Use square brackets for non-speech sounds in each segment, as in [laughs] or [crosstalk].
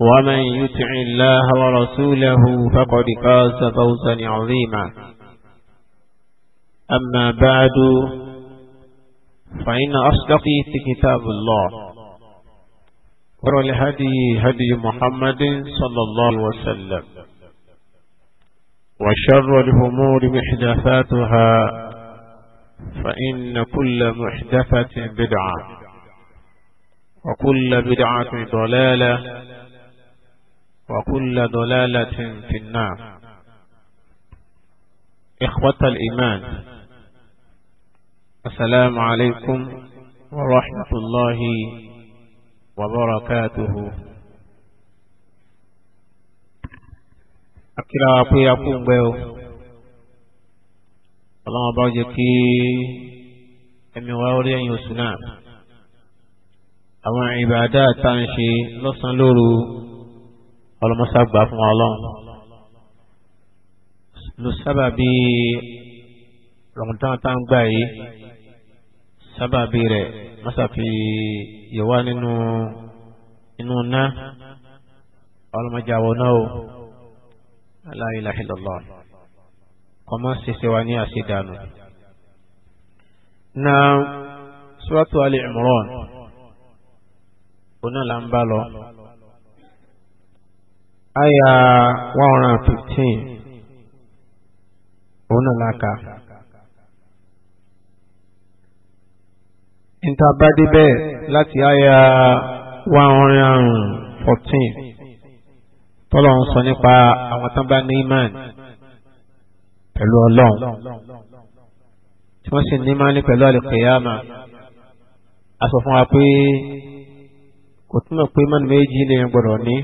ومن يطع الله ورسوله فقد فاز فوزا عظيما أما بعد فإن أصدق كتاب الله ولهدي هدي محمد صلى الله عليه وسلم وشر الأمور محدثاتها فإن كل محدثة بدعة وكل بدعة ضلالة وكل ضلالة في النار إخوة الإيمان السلام عليكم ورحمة الله وبركاته أكرا أبي أبو بيو الله أبارجكي أمي وأولي أن يسنا أما عبادات تنشي لصن لورو ọlọmọsá gbà fún wa lọ́n ló sábà bí rọ̀mùtán tá ń gbà yìí sábà bí rẹ̀ mọ́sàfi yẹ̀wá nínú inú ná ọlọmọdé àwọn náà o la kọ́mọ́ ṣẹṣẹ wa ní àṣedànù. na suratu Ali Imran onáà là ń bá lọ aya 115, hundred and fifteen òun náà la kà. ìtàbádé bẹ́ẹ̀ láti aya one hundred and fourteen tọ́lọ̀ ń sọ nípa àwọn tán bá ní imán pẹ̀lú ọlọ́run tí wọ́n sì ní imán ní pẹ̀lú àlùkìyàmà a sọ fún wa pé kò túmọ̀ pé imán méjì ni gbọ́dọ̀ ní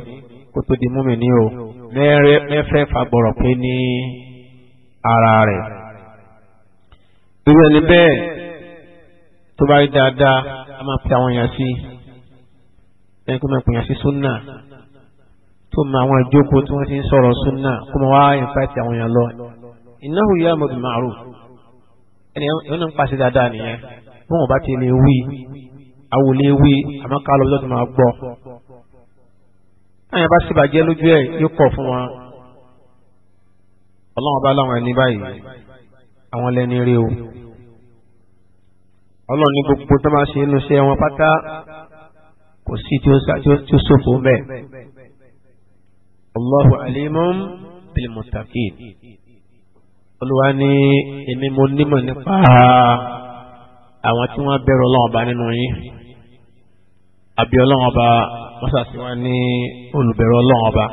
kó tó di múmi ní o mẹ́fẹ́ fagbọ̀rọ̀ pé ní ara rẹ̀. irú ẹni bẹ́ẹ̀ tó bá rí dáadáa a máa pe àwọn èèyàn sí ẹni tó máa pè yàn sí súnà tó máa àwọn ìjókòó tí wọ́n ti ń sọ̀rọ̀ súnà kó máa wá ìfáìtì àwọn èèyàn lọ. innahu ya'muru bil ma'ruf ẹni wọn náà ń pàṣẹ dáadáa nìyẹn bí wọn bá ti lè wí àwòlé wí àmọ́ ká lọ bí wọ́n ti máa gbọ́ àyàn bá ṣèbàjẹ́ lójú ẹ̀ yóò kọ̀ fún wọn. ọlọ́run bá láwọn ẹni báyìí àwọn lẹ́ni rí o. ọlọ́run ní gbogbo tó máa ṣe inú iṣẹ́ wọn pátá kò sí tí ó ṣòfò bẹ́ẹ̀. Allahu alimum bil olúwa ní èmi mo nímọ̀ nípa àwọn tí wọ́n bẹ̀rù ọlọ́run ọba nínú yín. àbí ọlọ́run ọba mọ́sàsí wa ní olùbẹ̀rẹ̀ ọlọ́run ọba.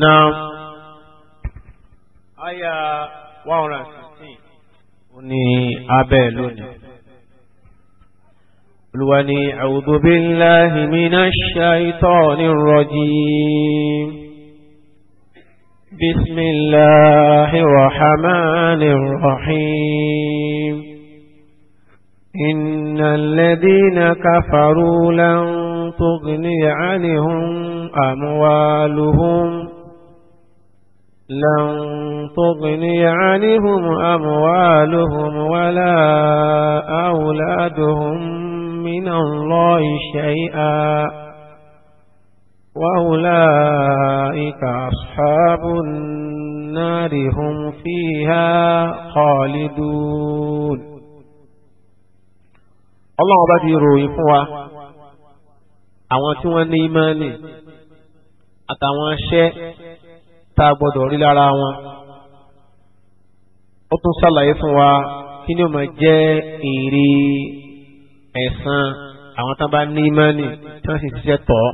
na àyà one hundred and sixteen ní abẹ́ lónìí. الولي أعوذ بالله من الشيطان الرجيم بسم الله الرحمن الرحيم إن الذين كفروا لن تغني عنهم أموالهم لن تغني عنهم أموالهم ولا أولادهم من الله شيئا وأولئك أصحاب النار هم فيها خالدون ọlọ́run bá ti ròyìn fún wa àwọn tí wọ́n ní ìmánì àtàwọn iṣẹ́ tá a gbọ́dọ̀ rí lára wọn ó tún ṣàlàyé fún wa kí ni ó máa jẹ́ èrè ẹ̀san àwọn tán bá ní ìmánì tí wọ́n sì ṣiṣẹ́ tọ̀ ọ́.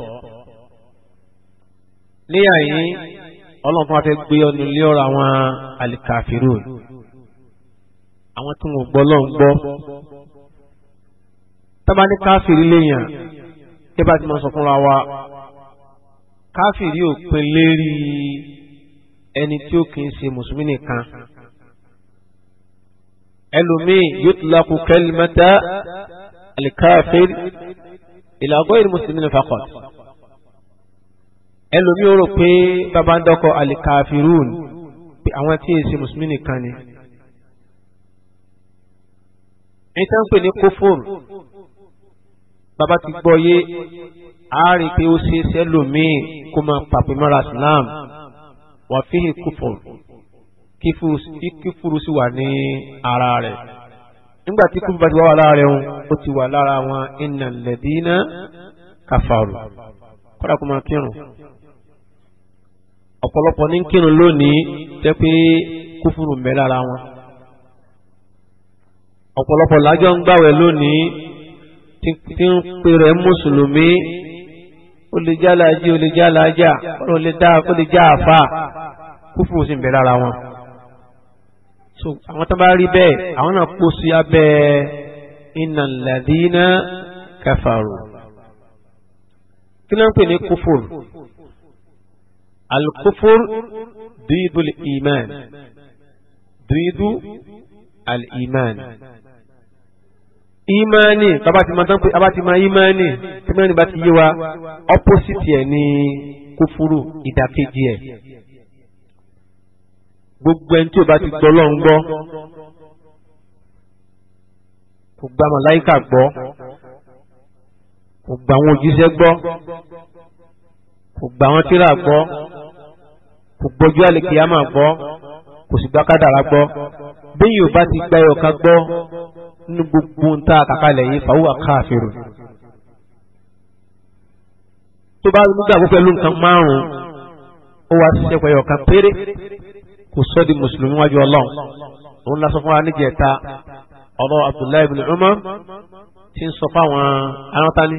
níyà yìí ọlọ́run fún wa fẹ́ gbé ọ́nù ilé ọ̀rọ̀ àwọn alìkàfírù àwọn tí wọ́n gbọ́ lọ́n gbọ́ tọ́ba ní káfíìrì léèyàn débà tí mo sọ fúnra wa káfíìrì ò pin lérí ẹni tí ó kì í ṣe mùsùlùmí nìkan ẹlòmíì yutlaqu kalimata alikafir ila ghayri muslimin faqat ẹlòmíì ó rò pé bàbá ń pé àwọn tí èsì mùsùlùmí nìkan ni. ìtàn pè ní kófòrò bàbá ti gbọ́ yé a rí i pé ó ṣe sẹ́lòmíì kó máa pàpè mọ́ra islam wà fíhì kúfọ̀ kífúru sí wà ní ara rẹ̀ nígbà tí kúfúru bá ti wá wà lára rẹ̀ ó ti wà lára wọn iná lẹ́dínà kàfàrù kọ́dà kó máa kírun ọ̀pọ̀lọpọ̀ ní kírun lónìí jẹ́ pé kúfúru ń wọn ọ̀pọ̀lọpọ̀ lájọ́ ń gbàwẹ̀ lónìí tí ń pè rẹ̀ mùsùlùmí ó lè já láàjì ó lè já láàjà ọ̀rọ̀ lè dá kó lè já àfà kúfùrù sì ń bẹ lára wọn. so àwọn tó bá rí bẹ́ẹ̀ àwọn náà kó sí abẹ́ innal ladina kafaru. kí ló ń pè ní kúfùrù? al dídú al dídú al imani bàbá ti máa tán pé bàbá ti máa imani tí imani bá ti yé wa opposite ẹ̀ ní kúfúrú ìdàkejì ẹ̀ gbogbo ẹni tí o bá ti gbọ́ lọ́n gbọ́ kò gba màláìkà gbọ́ kò gba àwọn òjíṣẹ́ gbọ́ kò gba àwọn tírà gbọ́ kò gbọ́jú àlèkèyàmà gbọ́ kò sì gbá kádàrá gbọ́ yóò bá ti gba ẹ̀yọ̀ká gbọ́ ní gbogbo ń ta àkàkalẹ̀ yìí fàwọ́ àkàfẹ́rù tó bá nígbàgbọ́ pẹ̀lú nǹkan márùn-ún ó wá ṣiṣẹ́ pẹ̀lú ọ̀kan péré kò sọ́ di mùsùlùmí wájú ọlọ́run òun lásán fún wa níjẹ̀ta ọ̀rọ̀ Abdullahi ibn Umar ti ń sọ fáwọn arántání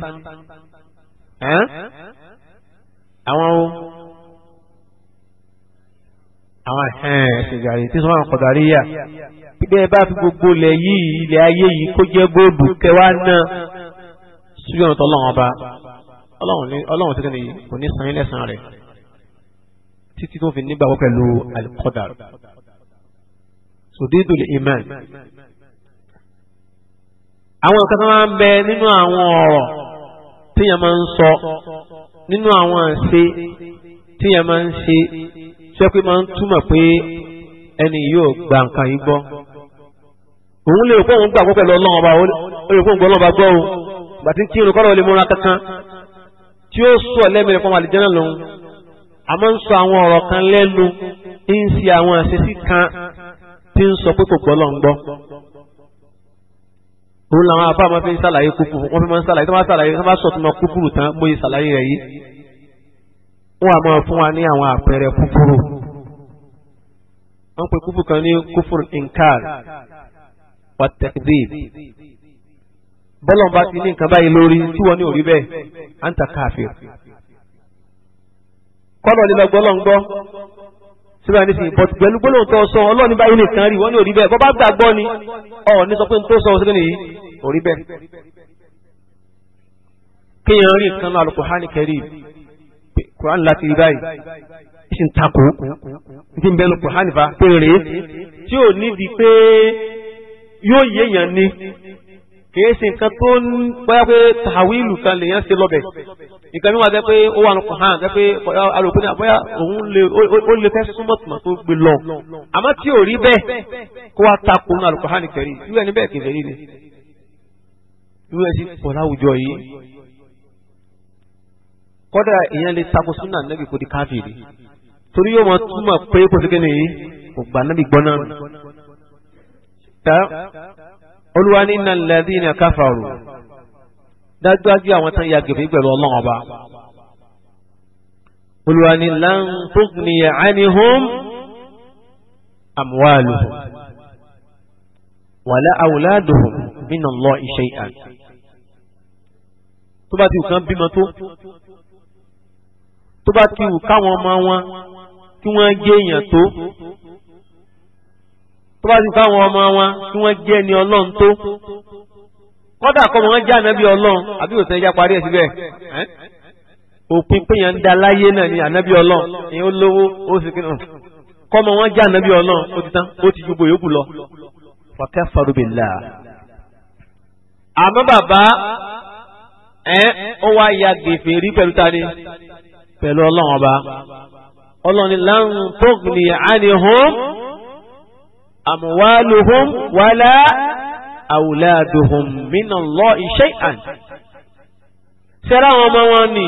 àwọn àwọn ṣèjàre tí sọ́mọ́ àwọn kọ̀dáríyà bíbẹ́ bá fi gbogbo ilẹ̀ yìí ilẹ̀ ayé yìí kó jẹ́ góòdù kẹwàá náà ṣùgbọ́n tó lọ́wọ́n ọba ọlọ́run tí kìíní kò ní san ilẹ̀ san rẹ̀ títí tó fi nígbàgbọ́ pẹ̀lú alikọ́dàr sòdídùl iman. àwọn nǹkan tó máa ń bẹ nínú àwọn ọ̀rọ̀ téèyàn máa ń sọ nínú àwọn àṣe téèyàn máa ń ṣe ṣẹ́pẹ́ máa ń túmọ̀ pé ẹni yóò gba nǹkan yìí gbọ́ òun lè kó òun gbàgbọ́ pẹ̀lú ọlọ́run ọba ó lè kó òun gbọ́ ọlọ́run ọba gbọ́ o gbàtí kí irun kọ́rọ̀ lè múra kankan tí ó sọ lẹ́mìíràn fún àlìjẹ́nà lòun àmọ́ ń sọ àwọn ọ̀rọ̀ kan lẹ́nu ń ṣe àwọn àṣesí kan tí ń sọ pé kò gbọ́ ọlọ́run gbọ́ òun làwọn afáàmọ́ fi ń ṣàlàyé kúkúrú wọ́n fi máa ń ṣàlàyé tó máa ṣàlàyé tó máa sọ̀tún wọn a máa fún wa ní àwọn àpẹẹrẹ kúfúrú wọ́n pe kúfúrú kan ní kúfúrú inkar wa takdib bọ́lọ̀ bá ti ní nǹkan báyìí lórí tí wọ́n ní òrí bẹ́ẹ̀ à ń ta káfíìn kọ́lọ̀ lè síbẹ̀ ní sìn ni ọ̀ ní sọ pé tó sọ nìyí òrí bẹ́ẹ̀ kéèyàn rí Quran láti rí báyìí ṣe ń takò ti ń bẹnu Quran fa pé rèé tí ò nídìí pé yóò yéèyàn ni kìí ṣe nǹkan tó ń bóyá pé tàwílù kan lèèyàn ṣe lọ́bẹ̀ nǹkan mi wà jẹ́ pé ó wà ní Quran jẹ́ pé alòpin náà bóyá òun lè ó lè fẹ́ súnmọ́ tìmọ̀ tó gbé lọ àmọ́ tí ò rí bẹ́ẹ̀ kó wá takò ní alùpùpù hàn kẹrì irú ẹni bẹ́ẹ̀ kẹfẹ́ rí ni irú ẹ sì pọ̀ láwùjọ yìí kọ́dà èèyàn lè tako súnà nẹ́bì kò di káfíìrì torí yóò máa túmọ̀ pé kò sí kéde yìí kò gbà nẹ́bì gbọ́ náà nù. tá olúwa ní innal ladhina kafaru dájúdájú àwọn tán ya gèfé pẹ̀lú ọlọ́run ọba. olúwa ní lan tughniya anhum amwaluhum wala awladuhum minallahi shay'an. tó bá ti kàn bímọ tó tó bá ti wù káwọn ọmọ wọn kí wọ́n jẹ́ èèyàn tó tó bá ti káwọn ọmọ wọn kí wọ́n jẹ́ ẹni ọlọ́run tó kọ́dà kọ́mọ wọn jẹ́ ànábì ọlọ́run àbí òsè ẹja parí ẹ̀ síbẹ̀ òpin péyàn ń da láyé náà ni ànábì ọlọ́run ni ó lówó ó sì kí kọ́mọ wọn jẹ́ ànábì ọlọ́run ó ti tán ó ti ju gbogbo yòókù lọ wàkẹ́ farubìlà. àmọ́ bàbá ẹ̀ ó wá ya gèfè rí pẹ̀lú ta ni pẹ̀lú ọlọ́run ọba ọlọ́run ni lan tughni anhum amwaluhum wala awladuhum minallahi shay'an sẹ́rà àwọn ọmọ wọn ni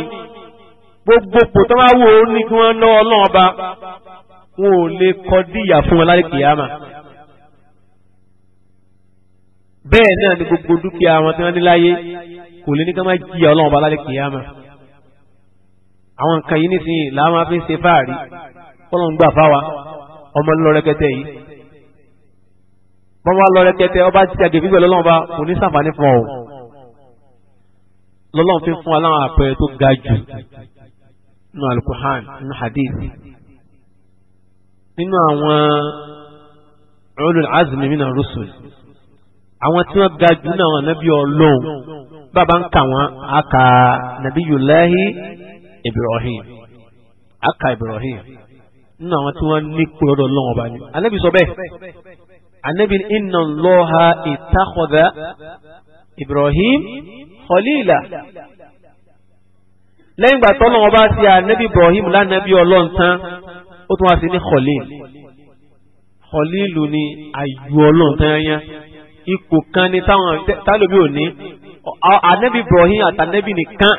gbogbo pò tó máa wò ó ní kí wọ́n lọ́wọ́ ọlọ́run ọba wọn ò lè kọ́ díyà fún wọn láyé kìyàmà bẹ́ẹ̀ náà ni gbogbo dúkìá wọn tí wọ́n ní láyé kò lè ní ká má jìyà ọlọ́run ọba láyé kìyàmà àwọn nǹkan yìí nísìnyí làwọn máa fi ń ṣe fáàrí kọ́lọ́n gbà fáwa ọmọ ńlọ rẹkẹtẹ yìí bọ́n bá lọ rẹkẹtẹ ọba ti àgbè gbígbẹ́ lọ́lọ́run bá kò ní sàǹfààní fún ọ lọ́lọ́run fi fún wa láwọn àpẹẹrẹ tó ga jù nínú alukuhan nínú hadith nínú àwọn ulul azmi minar rusul àwọn tí wọ́n ga jù náà wọn nàbí ọlọ́run bàbá ń kà wọ́n àkà nàbí yulahi. Ibrahim aka Ibrahim nínú àwọn tí wọ́n ní kúrọ́dọ̀ lọ́wọ́ bá ní. Ànábì sọ bẹ́ẹ̀ Ànábì inna Allaha ittakhadha Ibrahim khalila lẹ́yìn ìgbà tọ́lọ́wọ́ bá ti Ànábì Ibrahim lánàbí ọlọ́run tán ó tún wá sí ní khalil khalil ni ayò ọlọ́run tán ipò kan ní táwọn tálóbí ò ní anabi ibrahim àti anabi nìkan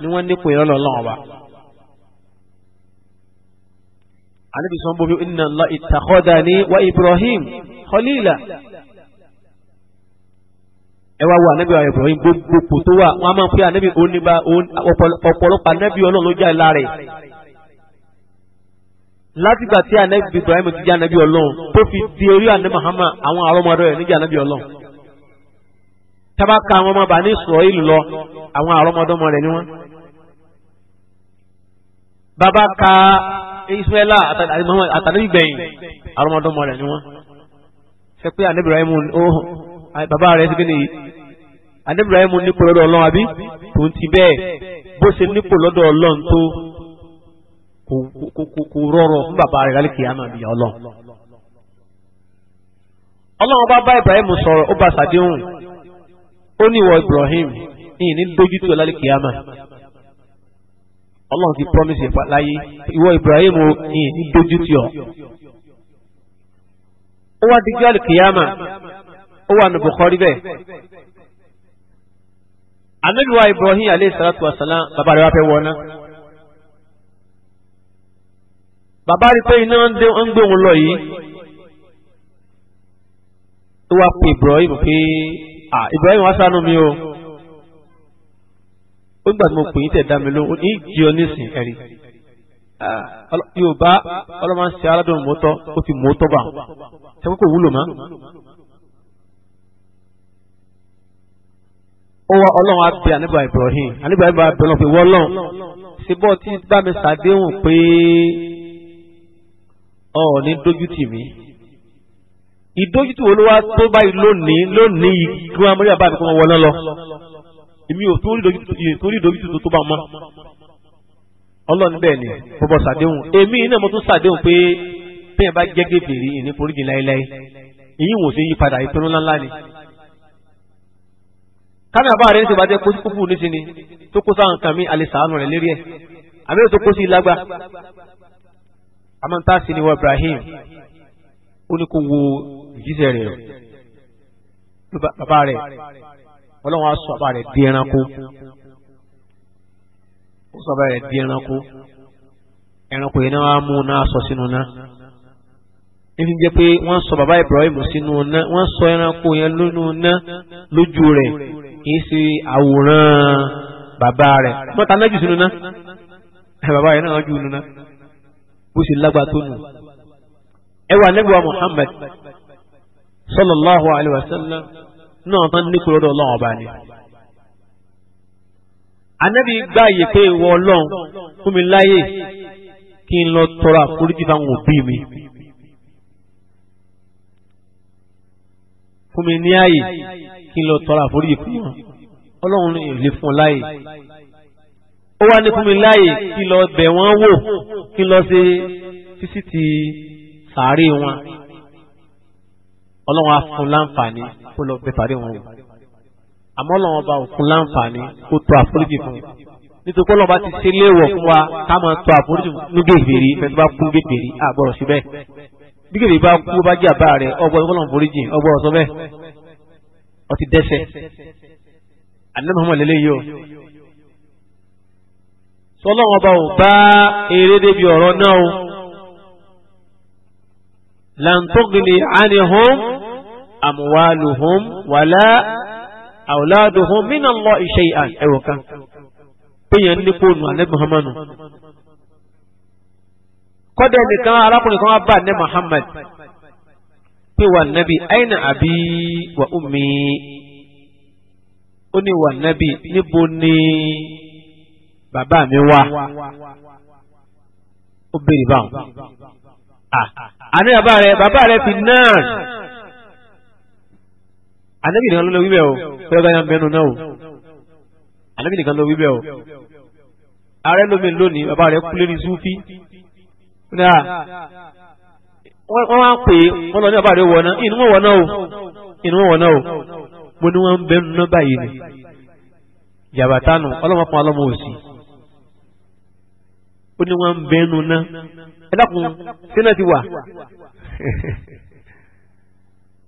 ni wọ́n nípò ìrọ̀lọ́ ọlọ́run ọba. anabi sọ bóbi inna Allah ittakhadani wa ibrahim khalila ẹ wá wo anabi ibrahim gbogbo kò tó wà wọn a máa ń anabi oníba ọpọlọpọ anabi ọlọ́run ló jáde lára ẹ̀ látìgbà tí anabi ibrahim ti jẹ́ anabi ọlọ́run tó fi di orí anabi muhammad àwọn àrọ́mọdé rẹ̀ níjà anabi ọlọ́run. tábà ka àwọn ọmọ ní sọ̀rọ̀ ìlú lọ àwọn àrọ́mọdọ́mọ ni bàbá ka Ismaila àtàlẹ́bí gbẹ̀yìn ni ṣe pé ó bàbá ti gbé nìyí bẹ́ẹ̀ bó ṣe nípò lọ́dọ̀ Ọlọ́run tó kò fún bàbá lálẹ́ ìyá Ọlọ́run. Ọlọ́run bá bá Ibrahim sọ̀rọ̀ ó ó ní ìwọ Ibrahim yìí ní dojú tó lálẹ́ kìámà ọlọ́run ti promise ẹ̀ láyé ìwọ Ibrahim yìí ní dojú tí ọ. ó wá dijú àlè kìámà ó wà ní Bukhari bẹ́ẹ̀. anabiwa Ibrahim aleyhi salatu wa salam bàbá rẹ̀ wá fẹ́ wọ́n náà. bàbá rí pé iná ń gbóhùn lọ yìí ó wá pe Ibrahim pé à ah, Ibrahim wá sánú mi o ó gbà tí mo pè yín tẹ̀ dá mi lóhùn ní ìjì ọ nísìn ẹ̀rí ah, Yorùbá ọlọ́mọ ń ṣe aládùn mọ́tọ́ ó ti mọ́tọ́ bá ṣe kókò wúlò mọ́. ó wá ọlọ́run á bẹ àníbà Ibrahim àníbà Ibrahim bẹ ọlọ́run pé wọ́n lọ́n síbọ̀ tí bá mi ṣàdéhùn pé ọ̀ ní dójú tì mí ìdójútì wo ló wá tó báyìí lónìí lónìí kí wọ́n amúlẹ̀ báyìí kí wọ́n wọlé lọ èmi ò tó rí ìdójútì tó tó bá mọ́ ọlọ́run bẹ́ẹ̀ ni bọ́bọ́ sàdéhùn èmi náà mo tún sàdéhùn pé bẹ́ẹ̀ bá jẹ́ gèbèrè ìní foríjì láéláé èyí wò sí yípadà ìpinnu ńláńlá ni. kámi àbá rẹ̀ ń ṣèbàjẹ́ kó sí kúkú níṣẹ́ ni tó kó sáà nǹkan mi alẹ́ sàánù rẹ̀ lérí ẹ̀ àbí tó kó sí ilágbá. àmọ́ ń tá sí ni wọ́n Ibrahim ó ní kó wo ìjíṣẹ́ rẹ̀ rẹ̀ bàbá rẹ̀ ọlọ́run á sọ bàbá rẹ̀ di ẹranko ó sọ bàbá rẹ̀ di ẹranko ẹranko yìí náà wá mú náà sọ sínú náà níbi jẹ́ pé wọ́n sọ bàbá Ibrahim sínú náà wọ́n sọ ẹranko yẹn lónú náà lójú rẹ̀ kì í ṣe àwòrán bàbá rẹ̀ wọ́n ta [laughs] náà jù sínú náà bàbá yẹn náà jù sínú náà bó ṣe lágbàá tó nù ẹ wà nígbà Muhammad sallallahu alaihi wasallam náà tán nípò lọ́dọ̀ ọlọ́run ọba ni. ànábì gbá àyè pé ìwọ ọlọ́run fún mi láyè kí n lọ tọrọ àforíjì fáwọn òbí mi. fún mi ní àyè kí n lọ tọrọ àforíjì fún wọn ọlọ́run lè fún ọ láyè ó wá ní fún mi láàyè kí lọ bẹ̀ wọ́n wò kí lọ ṣe títí ti sàárè wọn ọlọ́run á fún láǹfààní kó lọ bẹ sàárè wọn wò àmọ́ ọlọ́run ọba ò fún láǹfààní kó tó àforíjì fún un nítorí pé ọlọ́run bá ti ṣe léèwọ̀ fún wa ká máa tó àforíjì ní gègèrè fẹ́ẹ́ bá kú gègèrè àgbọ̀rọ̀ síbẹ̀ bí gègèrè bá kú bá jẹ́ àbá rẹ̀ ọgbọ́n ọlọ́run foríjì ọgbọ́n sọ bẹ́ẹ̀ ó ti dẹ́ṣẹ̀ àdínàmọ́ lélẹ́yìí o sọlọ́run ọba ò bá eré débi ọ̀rọ̀ àmúwálùhùn wàlá àwòládùhùn mínà lọ iṣẹ́ ìhàn ẹ̀wọ̀n kan péyàn ní fóònù alẹ́ muhammadu kọ́dẹ̀ nìkan arákùnrin kan wá bá ní muhammad pé wà nábì àyìnà àbí wà ummi ó ní wà nábì níbo ni bàbá mi wà ó béèrè báwọn. Ah, àní bàbá rẹ bàbá rẹ fi náà anabi nìkan ló wíbẹ̀ o pẹ́ẹ́ báyà ń bẹnu náà o anabi nìkan ló wíbẹ̀ o ààrẹ lómi lónìí bàbá rẹ̀ kú lérí súfì wọ́n wá pè é wọ́n lọ ní bàbá rẹ̀ wọ̀ náà inú wọn wọ̀ náà o inú wọn wọ̀ náà o mo ní wọ́n ń bẹnu náà báyìí ni jàbátánù ọlọ́mọ fún ọlọ́mọ òsì ó ní wọ́n ń bẹnu náà ẹ dákun sínú ti wà. [laughs]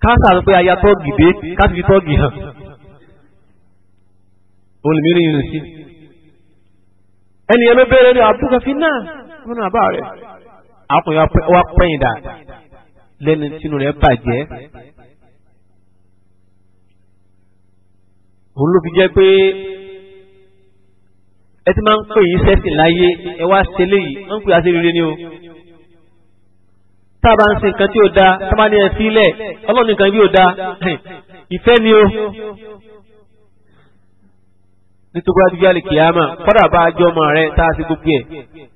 káàsà ló pé aya tọ́ọ̀gì dé káàsì fi tọ́ọ̀gì hàn òun lè mìíràn yìí sí. ẹnìyẹn ló bẹ̀rẹ̀ ní abúlé fi náà wọn náà bá rẹ̀ akùnrin wa pẹ́yìn dà lẹ́nu tínú rẹ̀ bàjẹ́. òun ló fi jẹ́ pé ẹ ti máa ń pè yín sẹ́sìn láyé ẹ wá ṣe léyìí wọ́n ń pè á sí rere ni o tába ń ṣe nǹkan tí ó da tába ẹ sílẹ̀ ọlọ́run nìkan bí ó da ìfẹ́ ni o. nítorí wájú yálè kìámà kọ́dà bá ajọ́ ọmọ rẹ tá a ṣe gbogbo ẹ̀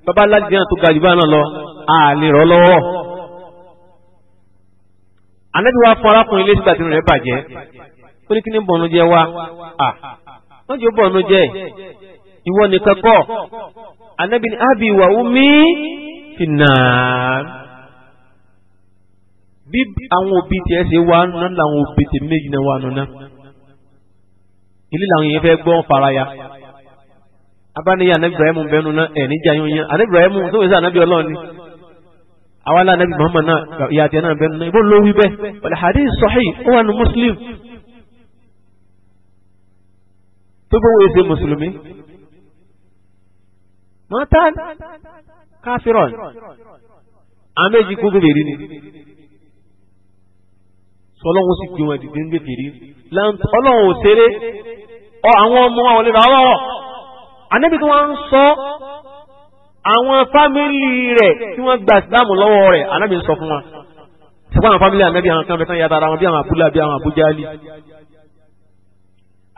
bàbá aládìjẹ́ náà tó ga jù bá náà lọ a lè rọ́ lọ́wọ́. ànábi wa fún arákùnrin létí gbàtí rẹ̀ bàjẹ́ ó ní kí ni bọ̀nú jẹ́ wa à wọ́n jẹ́ bọ̀nú jẹ́ ìwọ nìkan kọ́ ànábi ni àbí ìwà wú mí fi bí àwọn òbí tiẹ̀ ṣe wá nínú làwọn òbí tèmi méjì náà wà nínú ilé làwọn yẹn fẹ́ gbọ́ faraya abáníyà anabi ibrahim bẹnu náà ẹ̀ níjà yín yín anabi ibrahim tó wẹ́sẹ̀ anabi ọlọ́run ni àwa la anabi muhammad náà ìyá tiẹ̀ náà bẹnu náà ìbọn ló wí bẹ́ẹ̀ wàlẹ̀ hadith ó wà ní muslim tó bó wẹ́sẹ̀ mùsùlùmí mọ́tàn káfíràn àmẹ́jì kúkú bèrè ni tọ́lọ́hún sì gbé wọn dìde ń gbèdè rí ọlọ́hún ò ṣeré àwọn ọmọ àwọn olè lọ́wọ́ anábì tí wọ́n ń sọ àwọn fámìlì rẹ̀ tí wọ́n gba ìsìlámù lọ́wọ́ rẹ̀ anábì ń sọ fún wọn sọ́kọ́ àwọn fámìlì anábì àwọn kan bẹ́ẹ̀ tán yàtọ̀ ara wọn bí àwọn abúlé àbí àwọn abújálì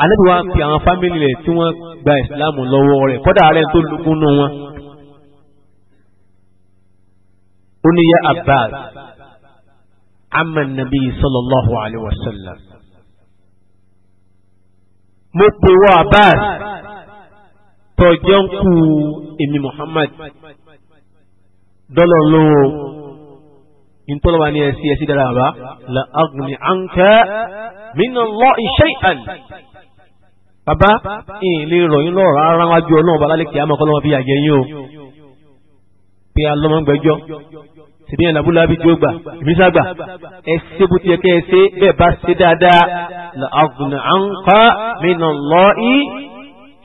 anábì wa pe àwọn fámìlì rẹ̀ tí wọ́n gba ìsìlámù lọ́wọ́ rẹ̀ kọ́dà rẹ̀ tó lukú nù wọn. ó ní yá Abbas ama nabi sallallahu alayhi wa sallam mo pe wọ abbas tọjọ ń ku èmi muhammad dọlọ lówó ntọ́lọ́wà ni ẹ̀sí ẹ̀sí dára bá la agni anka mina Allahi shay'an bàbá ìyìn lè rọ̀ yín lọ́rọ̀ ara wájú ọlọ́run bá lálẹ́ kìí àmọ́ kọ́lọ́wọ́ bí àjẹyìn o bí alọ́mọ́gbẹ́jọ́ sìdí yẹn labúlábí jó gbà ìbísàgbà ẹ ṣe bó ti yẹ kẹ́ ẹ ṣe bẹ́ẹ̀ bá ṣe dáadáa la aghna anka minallahi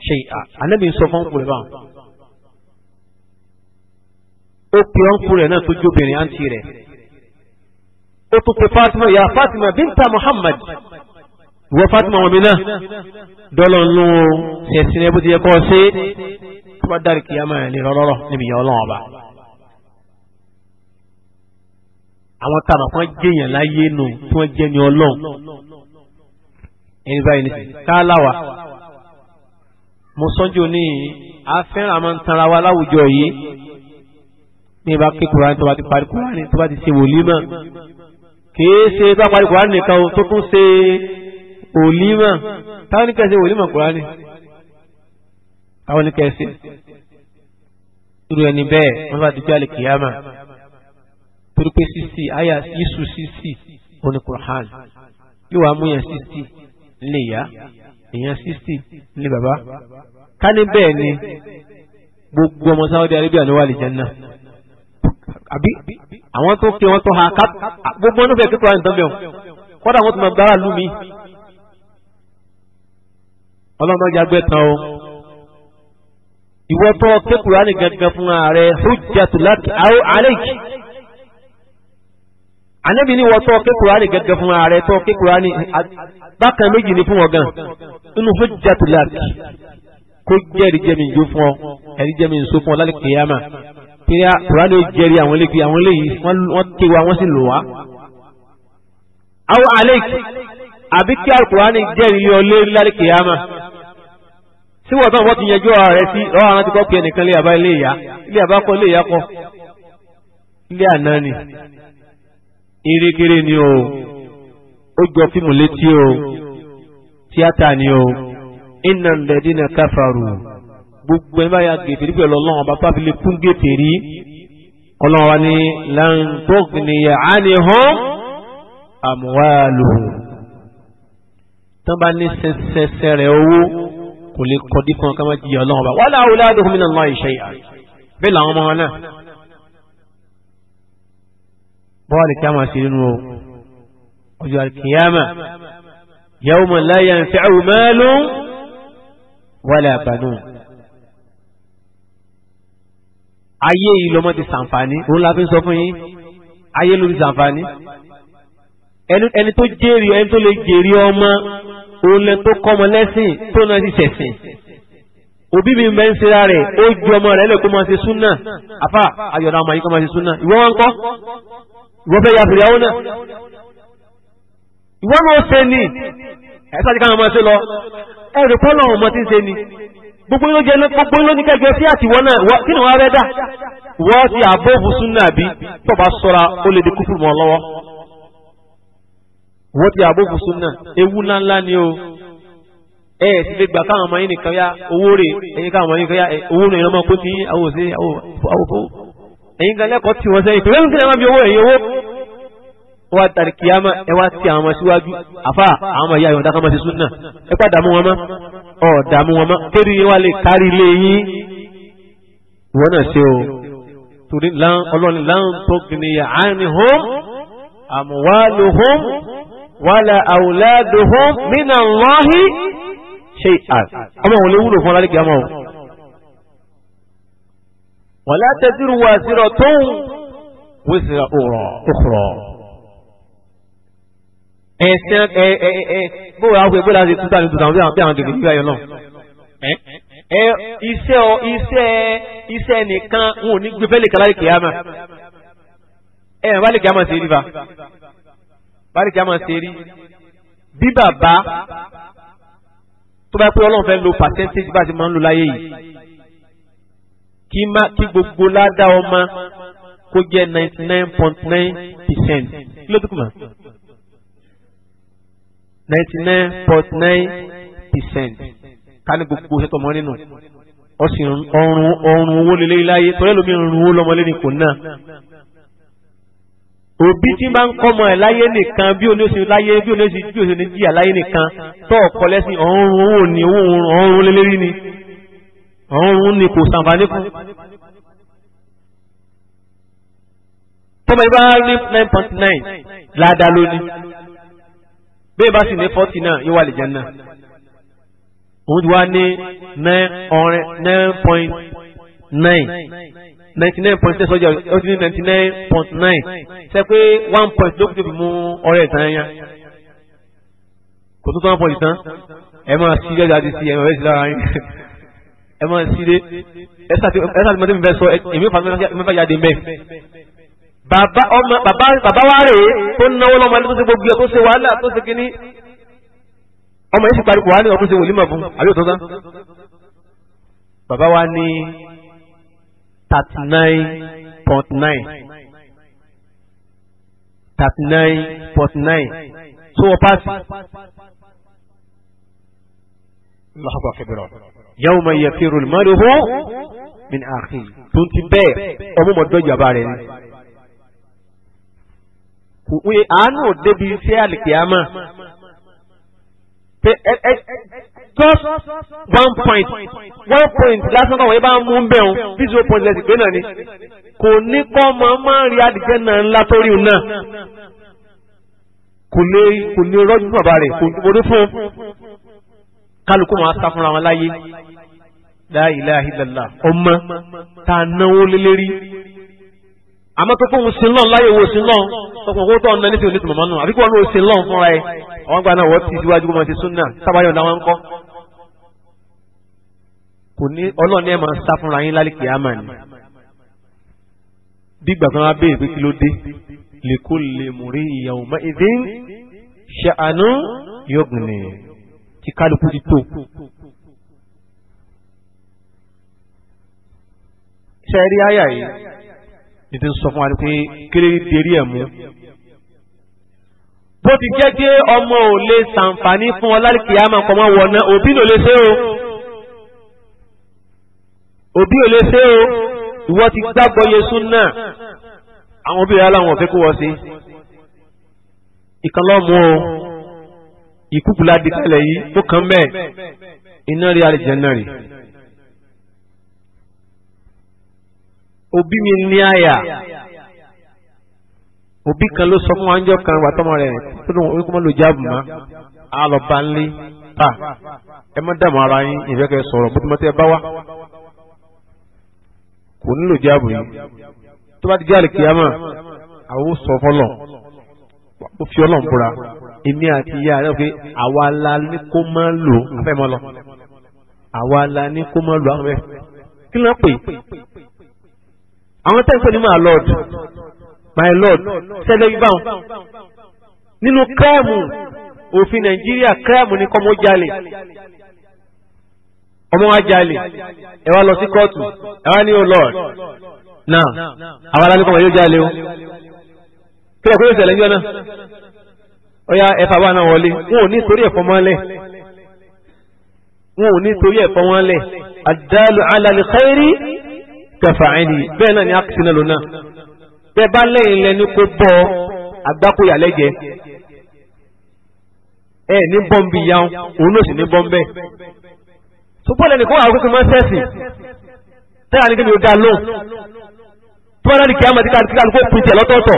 shay'a anábì ń sọ fún ọkùnrin báwọn. ó pe ọkùnrin rẹ̀ náà tó jóbìnrin àǹtí rẹ̀ ó tún pe Fatima ya Fatima bínta Muhammad wọ Fatima wọn mi náà dọ́lọ̀ ń lò ó bó ti yẹ kọ́ ṣe tó bá dárí kìyàmá ẹ̀ ní rọ́rọ́rọ́ níbi ìyá ọlọ́run ọba. àwọn tábà kan jẹyàn láyé nù tí wọ́n jẹ́ ní ọlọ́run ẹni báyìí nìsín káàláwà mo sọ́jú ní afẹ́ràn àmọ́ ń tanra wa láwùjọ yìí ní ìbá kí kùránì tó bá ti parí kùránì tó bá ti ṣe wòlímọ̀ kìí ṣe tó bá parí kùránì nìkan tó tún ṣe wòlímọ̀ táwọn ní kẹsẹ̀ wòlímọ̀ kùránì táwọn ní kẹsẹ̀ irú ẹni bẹ́ẹ̀ wọ́n bá ti jálè kìyàmà torí pé sisi àyà yíṣu sisi oní Qur'an yóò wá mú yẹn sisi nílé ìyá èèyàn sisi nílé bàbá ká ní bẹ́ẹ̀ ni gbogbo ọmọ Saudi Arabia ni wà lè jẹun náà àbí àwọn tó ké wọn tó ha ká gbogbo ọdún fẹ́ẹ́ kí Qur'an tán bẹ́ẹ̀ kọ́dà wọn tó máa gbára lù mí ọlọ́run ọjà gbẹ tán o ìwọ́tọ̀ ké Qur'an gangan fún ààrẹ hujjatulaki aw alayki ànábì ní wọ́n tọ́ ké kuraani gẹ́gẹ́ fún ààrẹ tọ́ ké kuraani bákan méjì ni fún wọn gan nínú hujjatul laki kó jẹ́rìí jẹ́mi ìjó fún ọ ẹ̀rí jẹ́mi ìṣó fún ọ lálẹ́ kìyàmà kí kuraani jẹ́rìí àwọn eléyìí àwọn eléyìí wọ́n ké wa wọ́n sì lò wá. àwọn àlejò àbí kí kuraani jẹ́rìí ọ lé lálẹ́ kìyàmà tí wọ́n tán wọ́n ti yanjú ara rẹ̀ sí lọ́wọ́ àwọn ti kọ́ ẹnìkan lé àbá ilé ìyá ilé àbá kọ́ ilé ìyá kọ́ ilé àná ni irekere ni o ó jọ fíìmù létí o tíátà ni o iná lẹ́dínà káfàrú gbogbo ẹ̀ bá ya gèfèrí pẹ̀lú ọlọ́run ọba tó àfilẹ̀ kún gèfèrí ọlọ́run wa ni lantogniya anihun amwaluhum tán bá ní sẹsẹsẹ rẹ owó kò lè kọ́ dípọ̀ ká jìyà ọlọ́run ọba wala auladuhum minallahi shay'an bẹ́ẹ̀ làwọn ọmọ wọn náà bọ́ọ̀lù kí a máa ṣe nínú ọjọ́ alkiyama yawma la yanfa'u malun wala banun ayé yìí lọ́mọ ti sàǹfààní òun la fi ń sọ fún yín ayé ló ti sàǹfààní ẹni tó jèrè ẹni tó lè jèrè ọmọ òun lẹ tó kọ́mọ lẹ́sìn tó náà ti ṣẹ̀sìn òbí mi bẹ́ ń sera rẹ̀ ó ju ọmọ rẹ̀ lè kó máa ṣe súnà àfà ayọ̀dá ọmọ yìí kó máa ṣe súnà ìwọ wọn kọ́ ìwọ́n fẹ́ ya fìyàwó náà ìwọ́n ló ṣe ni ẹ̀sà ti káwọn ọmọ ṣe lọ ẹ̀rù pọ́lọ̀ ọmọ ti ń ṣe ni gbogbo ló jẹ́ gbogbo ló ní kẹjọ sí àtiwọ́ náà kí ni wọ́n rẹ́ dà wọ́n ti àbóbu súnà bí tọ́ba sọ́ra ó lè di kúfù mọ́ lọ́wọ́ wọ́n ti àbóbu súnà ewu ńláńlá ni o ẹ ẹ ti lè gbà káwọn ọmọ yín nìkan yá owó rè ẹyin káwọn ọmọ yín nìkan yá owó rè ẹ̀yin gan lẹ́kọ̀ọ́ tí wọ́n sẹ́yìn pé wọ́n ń kílẹ̀ máa fi owó ẹ̀yìn owó. ó wá tàrí kíámà ẹ wá ti àwọn ọmọ síwájú àfa àwọn ọmọ ìyá ìwọ̀n dákàmọ́ ti sún náà ẹ pa dààmú wọn mọ́ ọ dààmú wọn mọ́ kéde wá lè kárí ilé yín. ìwọ náà ṣe o torí ọlọ́ni láwọn tó gbìnìyà àárín hóm àmúwálò hóm wàlà àwùládò hóm mí wala taziru waziratun wizra ukhra. ẹ̀sìn ẹ̀ ẹ̀ ẹ̀ bóyá àwọn ẹgbẹ́ láti tún tàbí tuntun àwọn bí àwọn gègé nígbà yẹn náà. ẹ iṣẹ́ ọ iṣẹ́ iṣẹ́ nìkan n ò ní gbé bẹ́ẹ̀ lè kálá lè kíyàmà ẹ ẹ̀ bá lè kíyàmà sí rí bá bá lè kíyàmà sí rí bí bàbá tó bá pé ọlọ́run fẹ́ lo percentage bá ti máa ń lo láyé yìí kí má kí gbogbo ládàá ọmọ kó jẹ́ ninety nine point nine percent kí ló dúkùmọ̀ ninety nine point nine percent ká ní gbogbo ṣètò ọmọ nínú ọsìn ọrùn ọrùn owó lélẹ́yìn láyé torí lómi ọrùn owó lọ́mọlé ni kò náà òbí tí máa ń kọ́mọ ẹ̀ láyé nìkan bí oníṣe láyé bí oníṣe bí oníṣe ní jìyà láyé nìkan tó ọ̀pọ̀ lẹ́sìn ọ̀run owó ni owó ọ̀run lélẹ́rí ni ọ̀run ni kò sàǹfààní fún. tọ́mọ̀ ìbá ní nine point nine ládàá lónìí bẹ́ẹ̀ bá sì ní forty náà yóò wà lè jẹ́ náà òun ti wá ní nine point nine ninety nine point ten sọjà ó ti ní ninety nine pé one ló kù tó fi mú ọ̀rẹ́ ìtàn yẹn kò tó tó one point tán máa sí yọjà ti sí ẹ máa sí lára yín. [laughs] ẹ máa sílé ẹ sáà tí mo ti fẹ́ sọ èmi fà mí fẹ́ yáde mbẹ́. bàbá ọmọ bàbá bàbá wa rè é tó náwó lọ́mọ ẹni tó ṣe gbogbo ẹ̀ tó ṣe wàhálà tó ṣe kínní ọmọ yìí sì parí wàhálà ọkùnrin ṣe wòlímọ̀ fún àbí òtún sá. bàbá wa ní thirty nine point nine thirty nine point nine tó wọ́n pàṣẹ. lọ́kọ̀ kẹbìrọ̀ yawma yafiru al-mar'u min akhihi tó ti bẹ́ẹ̀ ọmọ mọ̀dọ́ ìjàmbá rẹ̀ ni. kùkùn àánú débi iṣẹ́ àlìkìyàmà just one point one point lásán kọ̀wé bá ń mú un bẹ́ẹ̀ o bí zero point lẹ́sì pé náà ni kò ní kọ́ ọmọ máa ń rí àdìgẹ́ náà ńlá un náà kò lè kò lè rọ́jú bàbá rẹ̀ kò ní fún kálukú máa sá fúnra wọn láyé la ilaha illallah ọmọ tá a náwó lélẹ́rí àmọ́ tó fóun sin lọ́n láyé wo sin lọ́n tọkùn kó tó ọ̀nà ní ti oníṣẹ́ mọ̀mọ́ nù àbíkú ọ̀nà òsìn lọ́n fúnra ẹ̀ àwọn gba náà wọ́n ti síwájú kó máa ti súnà sábàáyọ̀ làwọn ń kọ́ kò ní ọlọ́ọ̀ni ẹ̀ máa sá fúnra yín lálẹ́ ni bí gbàgbọ́n wa béèrè pé kí ló dé lèkó lè múrí ìyàwó mọ́ ìdí ṣàánú yóò gùn nìyẹn tí kálukú ti tó. ṣe rí àyà yìí ní ti ń sọ fún wa ni pé kéré derí ẹ̀ mú. bó ti jẹ́ pé ọmọ ò lè ṣàǹfààní fún ọ lálùkì àmọ́ kọ́ mọ́ wọ̀nà òbí ló lè ṣe o òbí ò lè ṣe o ìwọ ti gbàgbọ́ yesu náà àwọn obìnrin aláwọ̀ fẹ́ kó wọ́n sí ìkànnì ọmọ o ìkúkú láti kalẹ̀ yìí tó kàn mẹ́ iná rí àlìjẹ́nà rí. òbí mi ní àyà òbí kan ló sọ fún wa ńjọ́ kan wà tọ́mọ tó dùn orí kó mọ́ jáàbù mọ́ a lọ bá ń lé pa ẹ má dààmú ara yín ìfẹ́kẹ́ sọ̀rọ̀ bó ti mọ́ tẹ́ ẹ bá wá kò nílò jáàbù yìí tó bá ti jáàlì kìámà àwọn sọ fọlọ́ ó fi ọlọ́run búra èmi àti ìyá rẹ̀ pé àwa la ní kó máa lò afẹ́ mọ́ lọ àwa la ní kó máa lò àwọn kí ló ń pè àwọn tẹ́ ń pè ní my lord my lord sẹ́lẹ̀ yìí báwọn nínú kíráàmù òfin nàìjíríà kíráàmù ni kọ́mọ́ jalè ọmọ wa jalè ẹ wá lọ sí kóòtù ẹ wá ní o oh lord náà àwa la ní kọ́mọ́ yóò jalè o kí ló ń pè é sẹ́lẹ̀ yìí náà ọ̀yà ẹ̀fà bá náà wọlé wọn ò ní torí ẹ̀fọ́ wọn lẹ̀ wọn ò ní torí ẹ̀fọ́ wọn lẹ̀ àdálù alàlẹ́ kẹ́rì kẹfà ẹni bẹ́ẹ̀ náà ni akitì náà lónà bẹ́ẹ̀ bá lẹ́yìn lẹ́ni kó bọ́ agbákòyà lẹ́jẹ̀ ẹ ní bọ́m̀bì ya òun ló sì ní bọ́m̀bẹ́ tó bọ́ọ̀lù ẹnì kó máa ń sẹ́sìn tẹ́lá ní kí ni ó dá lóhùn tó bá náà ní kí á máa ti ká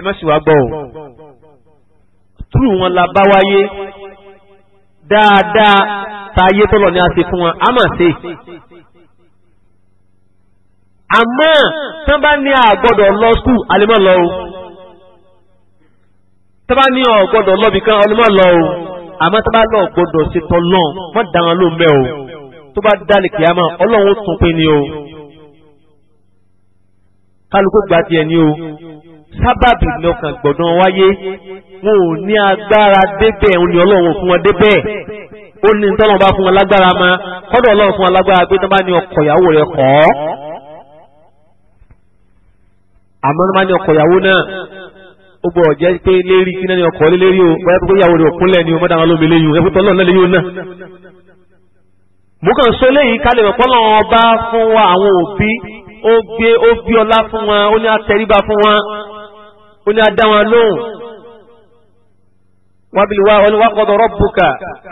ẹ má sì wá gbọ́ o túrú wọn la bá wáyé dáadáa táyé tọ́lọ̀ ni a ṣe fún wọn a mà ṣe àmọ́ tán bá ní àgbọ́dọ̀ lọ skul alimọ́ lọ o tán bá ní ọ̀gbọ́dọ̀ lọ́bì kan alimọ́ lọ o àmọ́ tán bá lọ gbọ́dọ̀ ṣe tọ́lọ́ wọ́n dá wọn ló ń bẹ́ o tó bá dálé kìámà ọlọ́run tún pé ni o kálukú gba tiẹ̀ ni o sábàbí lọ́kàn gbọ̀dọ̀ wáyé wọn ò ní agbára débẹ̀ òun ni ọlọ́run fún wọn débẹ̀ ó ní tọ́lọ́run bá fún wọn lágbára ma kọ́dọ̀ ọlọ́run fún wọn lágbára pé tọ́ba ní ọkọ ìyàwó rẹ̀ kọ́ àmọ́ tọ́ba ní ọkọ ìyàwó náà ó gbọ́ ọ̀jẹ́ pé lérí kí náà ní ọkọ lérí o bóyá pé ìyàwó rẹ̀ òkúnlẹ̀ ni o mọ́tà wọn lómi léyìn o ẹ̀fọ́ tọ́lọ́run náà léyìn o náà mo kàn so léyìí kálẹ̀ mọ̀ pọ́nlọ́ ọba fún wa àwọn òbí ó gbé ó gbé ọlá fún wa ó ní atẹríba fún wa ó ní adá wọn lóhùn wọ́n bí wá wọn wákọ̀dọ̀ rọ́bùkà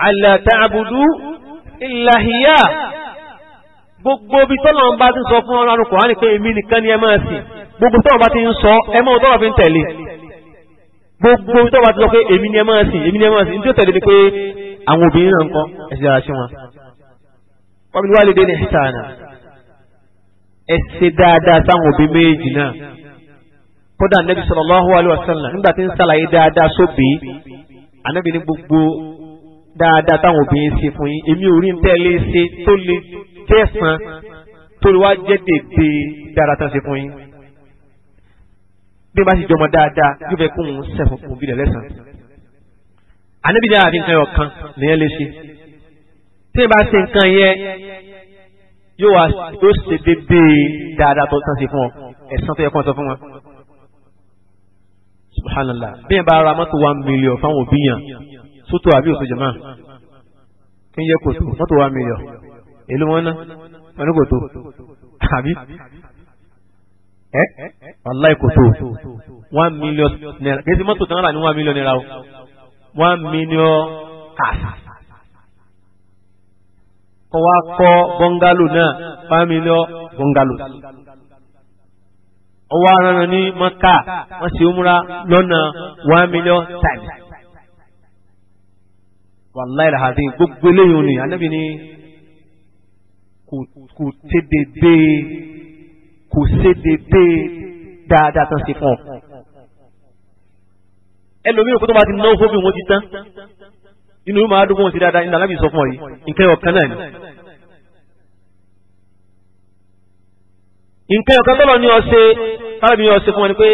àlàtà àbùdú ìlàhíyà gbogbo bí tọ́lọ̀ ń bá ti sọ fún ọ̀rọ̀ àrùn kòránì pé èmi nìkan ni ẹ máa sìn gbogbo tọ́lọ̀ bá ti ń sọ ẹ mọ́ tọ́lọ̀ fi ń tẹ̀lé gbogbo tọ́lọ̀ bá ti sọ pé èmi ni ẹ máa sìn èmi ni ẹ máa sìn tí ó tẹ̀lé ni pé àwọn obìnrin náà ń kọ́ ẹ̀sìn dára sí wọn. wọ́n bí wá lè dé ní ẹ̀sìn kódà nẹ́bí sallallahu alaihi wasallam nígbà tí ń sàlàyé dáadáa sóbì ànábì ní gbogbo dáadáa táwọn obìnrin ṣe fún yín èmi ò rí tẹ́lẹ̀ ṣe tó lè jẹ́sán tó lè wá jẹ́ dèdè dáadáa tán ṣe fún yín bí wọ́n bá ti jọmọ dáadáa yóò fẹ́ kó òun sẹ̀fún fún bílẹ̀ lẹ́sàn. ànábì náà àfi nǹkan yọ̀ kan nìyẹn lè ṣe tí wọ́n bá ṣe nǹkan yẹn yóò ṣe dédé dáadáa tó tán ṣe fún ọ ẹ̀sán tó yẹ kó sọ subhanallah bẹ́ẹ̀ bá ra mọ́tò one million fáwọn òbí yàn sótò àbí òtò jẹ̀mọ́ kí n yẹ kòtò mọ́tò one million èló wọn ná wọn ní kòtò àbí ẹ wàláì kòtò one million naira kí n ti mọ́tò tán rà ní one million naira o one million cash kọ́ wa kọ́ bọ́ngálò náà one million bọ́ngálò ọwọ́ aránà ní mọ́ká wọ́n sì múra lọ́nà one million times. wàláì làhàdí gbogbo eléyìí ni anábì ni kò tẹ́dẹ̀dẹ́ kò sẹ́dẹ̀dẹ́ dáadáa tán sí fún ọ. ẹlòmíràn kó tó bá ti náwó fófin wọn ti tán inú yóò máa dúró wọn sí dáadáa ní alábì sọ fún ọ yìí nǹkan ọ̀kan náà ni. nǹkan ọ̀kan tọ́lọ̀ ní ọ̀sẹ̀ tọ́lọ̀ ní ọ̀sẹ̀ fún wọn ni pé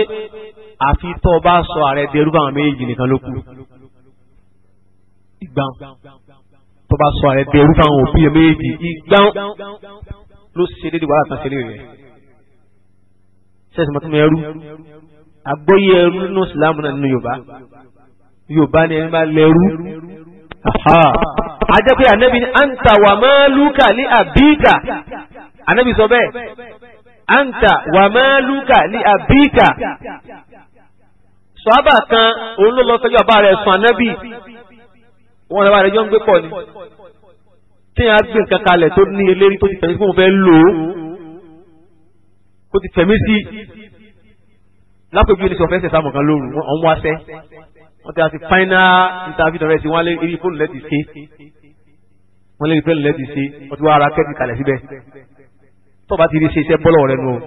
àfi tọ́ ọ bá sọ ààrẹ dẹrú bá àwọn méjì nìkan ló kù ìgbà tọ́ bá sọ ààrẹ dẹrú bá àwọn òbí méjì ìgbà ló ṣe déédéé wàhálà kan ṣẹlẹ̀ rẹ̀ sẹ́sì mọ́tò mi ẹrú àgbóyè ẹrú nínú ìsìlámù náà nínú Yorùbá Yorùbá ni ẹni máa lẹ́rú ajẹ́ pé ànábì ni àǹtà wà máa lúkà ní àbíkà ànábì sọ bẹ́ẹ̀ anta wàmẹ́lúkà ní abíkà sọ́ábà kan òun ló lọ fẹjọ́ bá rẹ̀ sùn ànábì wọn náà bá rẹ̀ jọ ń gbé pọ̀ ni tí a gbé nǹkan kalẹ̀ tó ní eléyìí tó ti fẹ̀mí fún fẹ́ lò ó kó ti fẹ̀mí sí lápẹ̀bí oníṣẹ́ ọ̀fẹ́ sẹ̀sámù kan lóru ọ̀n wá sẹ́ wọ́n ti àti final interview náà sí wọ́n lé eré fóònù lẹ́ẹ̀dì ṣe wọ́n lé eré fóònù lẹ́ẹ̀dì ṣe wọ́n ti wá ara kẹ́ẹ̀dì kalẹ̀ síbẹ̀ tó bá ti rí ṣe iṣẹ́ bọ́lọ̀ rẹ nù o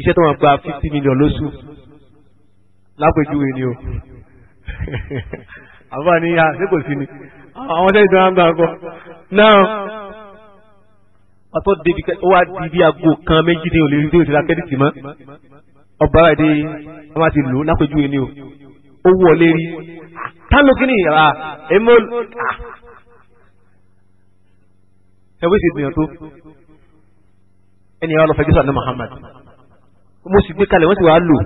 iṣẹ́ tó máa gba fifty million lóṣù lápèjúwe ni o àbúrò ní ya ṣé kò sí ni àwọn ọ̀sẹ̀ ìdánwò àgbà kọ náà ọtọ́ débi ó wá di bí aago kan méjì ní òlè rídíò ti lákẹ́dìtì mọ́ ọba ìdí wọn ti lò lápèjúwe ni o ó wọlé rí tálókìní ìyàrá èmo ẹwé ṣe gbìyànjú ẹni àwọn ọlọ́fẹ́ gíṣà ní Muhammad mo sì gbé kalẹ̀ wọ́n sì wá lò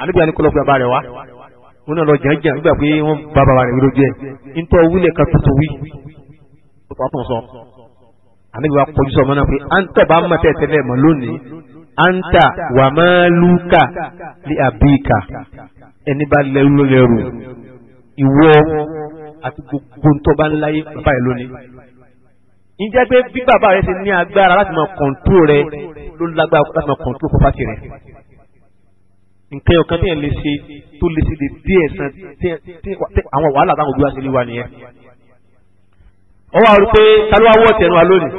àníbi àní kọlọ́pù bàbá rẹ̀ wá wọn náà lọ jẹ́njẹ́ nígbà pé wọ́n bá bàbá rẹ̀ lójú ẹ̀ ntọ́ wílẹ̀ kan tuntun wí ó tó àtúnṣọ àníbi wa kọjú sọ ọmọ náà pé anta bá mọ̀ tẹ́ tẹ́lẹ̀ mọ̀ lónìí anta wà máa lúkà lé àbíkà ẹni bá lẹ́rú lẹ́rú ìwọ àti gbogbo ntọ́ bá ń bàbá rẹ̀ lónìí ǹjẹ́ pé bí bàbá rẹ ti ní agbára láti máa kọ̀ǹtúrò rẹ ló lágbára láti máa kọ̀ǹtúrò pọ́pátì rẹ nǹkan ẹ̀yọ̀ kan téèyàn lè ṣe tó lè ṣe lè dé ẹ̀sán àwọn wàhálà táwọn òbí wa ṣe lè wà nìyẹn ọwọ́ àrùn pé ta ló wá wọ́ ọ̀tẹ̀ ẹnu wa lónìí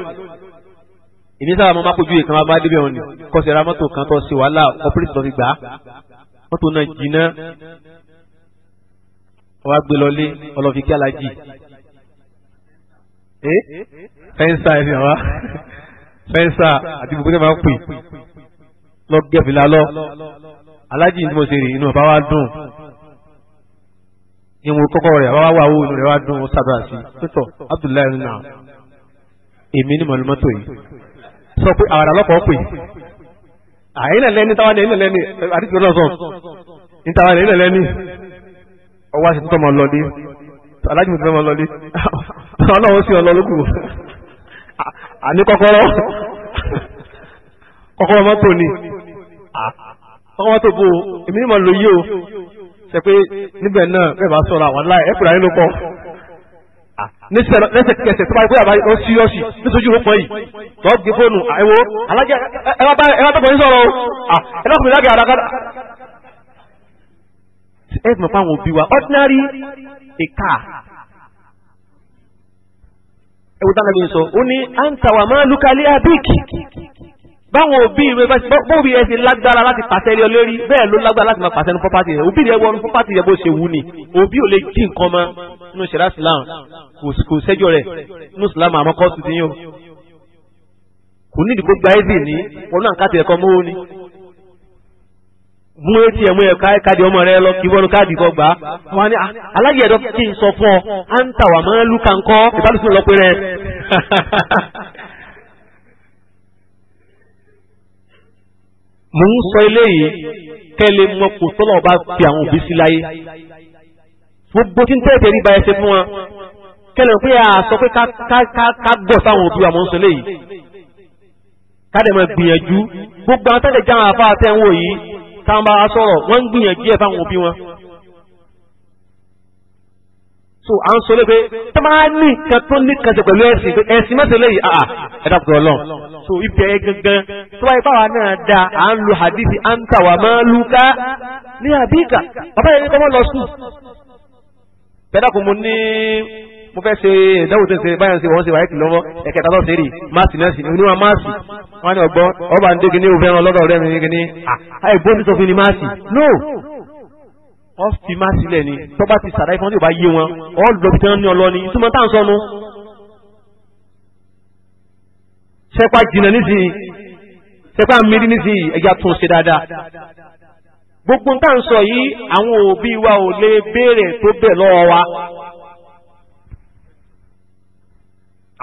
èmi sábà máa kojú ìkan máa bá débẹ̀ wọn ni kọsẹ̀ ra mọ́tò kan tó ṣe wàhálà ọpẹ́rẹ́sì tó fi gbà á mọ́tò náà jìnnà ọwọ́ àgbélọ́lé ọlọ́fi kí alájì Eh? fẹ́ǹsà ẹ̀sìn àwa fẹ́ǹsà àti gbogbo náà máa ń pè lọ gẹ̀fìlà lọ alájì ní mo ṣe rè inú ọba wa dùn ìwọ̀n kọ́kọ́ rẹ̀ àwa wà owó inú rẹ̀ wa dùn ó sábà sí pẹ́tọ̀ Abdullahi nà èmi ní mọ̀lúmọ́tò yìí sọ pé àwàdà lọ́kọ̀ọ́ pè àyìnlẹ̀ lẹ́ni táwa ní ẹ̀yìnlẹ̀ lẹ́ni àdìsí ọlọ́sàn ní táwa ní ẹ̀yìnlẹ̀ lẹ́ni ọwọ́ àṣetútọ́ mọ̀ lọ́dí alájì mo ti fẹ́ mọ̀ lọ́dí ọlọ́run sí ọlọ́lọ́kù àní kọ́kọ́rọ́ kọ́kọ́rọ́ mọ́tò ni kọ́kọ́rọ́ mọ́tò bò èmi mọ̀ lóyè o ṣe pé níbẹ̀ náà bẹ́ẹ̀ bá sọ̀rọ̀ àwọn aláì ẹ̀kúra nínú kọ́ lẹ́sẹ̀kẹsẹ̀ tó bá gbé àbá ọ sí ọ̀sì nítorí òpó yìí tó gbé fóònù àìwò alájẹ ẹ̀rọ bẹ̀rẹ̀ sọ̀rọ̀ o ẹ̀rọ kùnrin lágẹ̀ àràkàdà. ẹ mọ̀ fáwọn òbí wa ordinary a car ẹwù tá nàbí sọ ó ní à ń tàwà máa lukali abik báwọn òbí rẹ bóbi rẹ ti lágbára láti pàṣẹ rẹ lórí bẹ́ẹ̀ ló lágbára láti máa pàṣẹ ní pọ́pátì rẹ òbí rẹ wọnú pọ́pátì rẹ bó ṣe wù ní òbí ò lè jí nǹkan mọ́ nínú ṣẹlá islam kò sẹ́jọ́ rẹ̀ nínú islam àmọ́ tuntun yìí o kò ní ìdìbò gba ẹ́dì ní wọn náà ń ká tiẹ̀ kọ́ mọ́wó ni mú atm yẹn káàdì ọmọ rẹ lọ kí wọnú káàdì kọ gbà á wọn ni ah, alájẹ ẹdọ kí n sọ fún ọ à ń tà wà máa ń lùkà ńkọ ìbálòpọ̀ lọ pé rẹ. mo ń sọ eléyìí kẹ́lẹ́ mọ kò tọ́lọ̀ bá fi àwọn òbí sí láyé gbogbo tí ń tẹ́ ìtẹ́rí ba ẹsẹ̀ fún wa kẹ́lẹ́ pé a sọ pé ká gbọ́ sáwọn òbí wa mo ń sọ eléyìí ká dẹ̀ mọ̀ gbìyànjú gbogbo àwọn tẹ́lẹ̀ já táwọn bá sọ̀rọ̀ wọ́n ń gbìyànjú ẹ̀ fáwọn òbí wọn. so à ń sọ lé pé tó máa ní nǹkan tó ní kan ṣe pẹ̀lú ẹ̀sìn pé ẹ̀sìn mẹ́sẹ̀ lẹ́yìn àà ẹ̀dá kò lọ. so ibẹ̀ gangan tó wáyé báwa náà da à ń lo hadith anta wa maluka ní àbíkà bàbá yẹn ní kọ́ lọ sùn. bẹ́ẹ̀ mo ní mo fẹ́ ṣe ìdánwò tó ń ṣe báyọ̀ ń ṣe wọ́n ṣe wáyé lọ́wọ́ ẹ̀kẹta lọ́sẹ̀ rì máàsì náà sì onímọ̀ máàsì wọn ni ọgbọ́n ọba ń dé kíní òfin ẹran lọ́dọ̀ rẹ̀ mi kíní àì bóńdì sọ fún ni máàsì no ọ fi máàsì lẹ̀ ni tọ́ba ti sàdáyé fún wọn tí ò bá yé wọn ọ lọ bí tán ní ọlọ́ni ìtumọ̀ tá à ń sọnu. sẹ́pà jìnnà nísìnyí sẹ́pà mírí nísìnyí ẹ̀já tún ṣe dáadáa gbogbo tá à ń sọ yìí àwọn òbí wa ò lè béèrè tó bẹ̀ lọ́wọ́ wa